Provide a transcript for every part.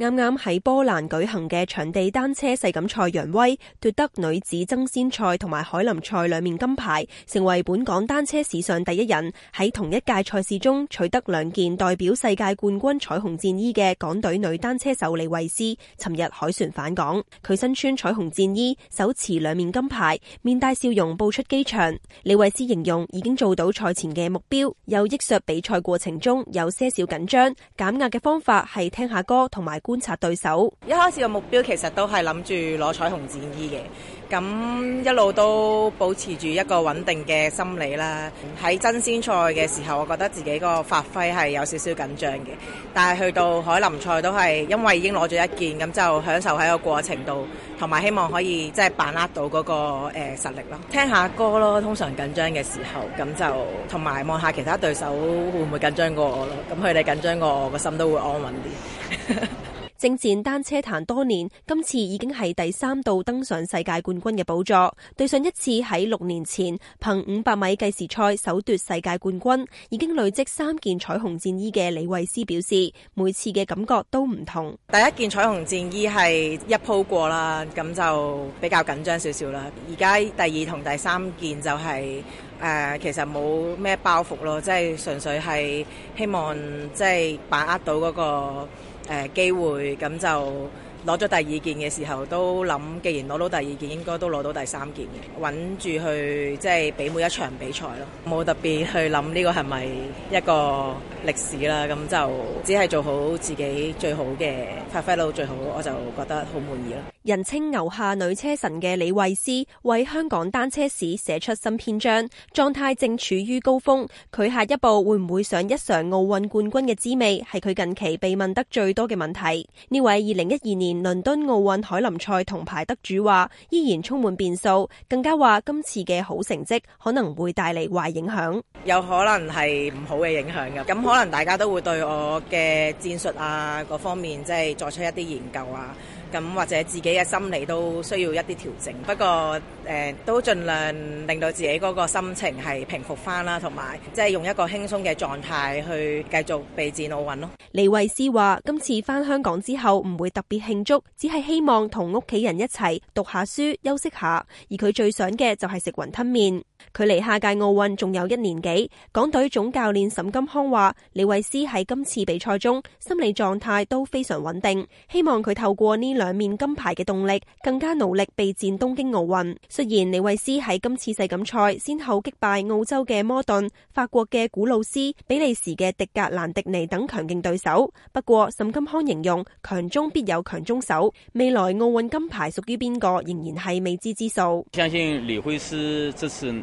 啱啱喺波蘭舉行嘅場地單車世錦賽揚威，奪得女子爭先賽同埋凱林賽兩面金牌，成為本港單車史上第一人喺同一屆賽事中取得兩件代表世界冠軍彩虹戰衣嘅港隊女單車手李慧詩，尋日凱旋返港，佢身穿彩虹戰衣，手持兩面金牌，面帶笑容步出機場。李慧詩形容已經做到賽前嘅目標，又憶述比賽過程中有些少緊張，減壓嘅方法係聽下歌同埋。觀察對手，一開始嘅目標其實都係諗住攞彩虹戰衣嘅，咁一路都保持住一個穩定嘅心理啦。喺爭先賽嘅時候，我覺得自己嗰個發揮係有少少緊張嘅，但係去到凱林賽都係因為已經攞咗一件，咁就享受喺個過程度，同埋希望可以即係、就是、把握到嗰、那個誒、呃、實力咯。聽下歌咯，通常緊張嘅時候，咁就同埋望下其他對手會唔會緊張過我咯。咁佢哋緊張過我的，我個心都會安穩啲。 征戰單車壇多年，今次已經係第三度登上世界冠軍嘅寶座。對上一次喺六年前憑五百米計時賽首奪世界冠軍，已經累積三件彩虹戰衣嘅李慧詩表示：每次嘅感覺都唔同。第一件彩虹戰衣係一鋪過啦，咁就比較緊張少少啦。而家第二同第三件就係、是、誒、呃，其實冇咩包袱咯，即係純粹係希望即係把握到嗰、那個。誒機、呃、會咁就。攞咗第二件嘅時候都諗，既然攞到第二件，應該都攞到第三件嘅，穩住去即係畀每一場比賽咯，冇特別去諗呢個係咪一個歷史啦，咁就只係做好自己最好嘅發揮到最好，我就覺得好滿意咯。人稱牛下女車神嘅李慧詩為香港單車史寫出新篇章，狀態正處於高峰，佢下一步會唔會嘗一嘗奧運冠軍嘅滋味係佢近期被問得最多嘅問題。呢位二零一二年連倫敦奧運凱林賽銅牌得主話，依然充滿變數，更加話今次嘅好成績可能會帶嚟壞影響，有可能係唔好嘅影響噶。咁可能大家都會對我嘅戰術啊、各方面即係作出一啲研究啊。咁或者自己嘅心理都需要一啲調整。不過誒、呃，都盡量令到自己嗰個心情係平復翻啦，同埋即係用一個輕鬆嘅狀態去繼續備戰奧運咯。李慧詩話：今次翻香港之後，唔會特別興。只係希望同屋企人一齊讀下書、休息下，而佢最想嘅就係食雲吞麵。佢離下屆奧運仲有一年幾，港隊總教練沈金康話：李惠斯喺今次比賽中心理狀態都非常穩定，希望佢透過呢兩面金牌嘅動力，更加努力備戰東京奧運。雖然李惠斯喺今次世錦賽先後擊敗澳洲嘅摩頓、法國嘅古魯斯、比利時嘅迪格蘭迪尼等強勁對手，不過沈金康形容強中必有強中手，未來奧運金牌屬於邊個仍然係未知之數。相信李惠斯這次。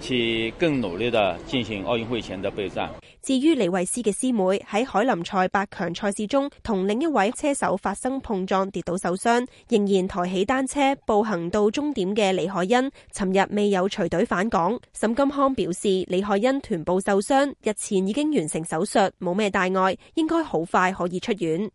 去更努力的進行奧運會前的備戰。至於李慧詩嘅師妹喺凱林賽八強賽事中同另一位車手發生碰撞跌倒受傷，仍然抬起單車步行到終點嘅李海恩，尋日未有隨隊返港。沈金康表示，李海恩臀部受傷，日前已經完成手術，冇咩大礙，應該好快可以出院。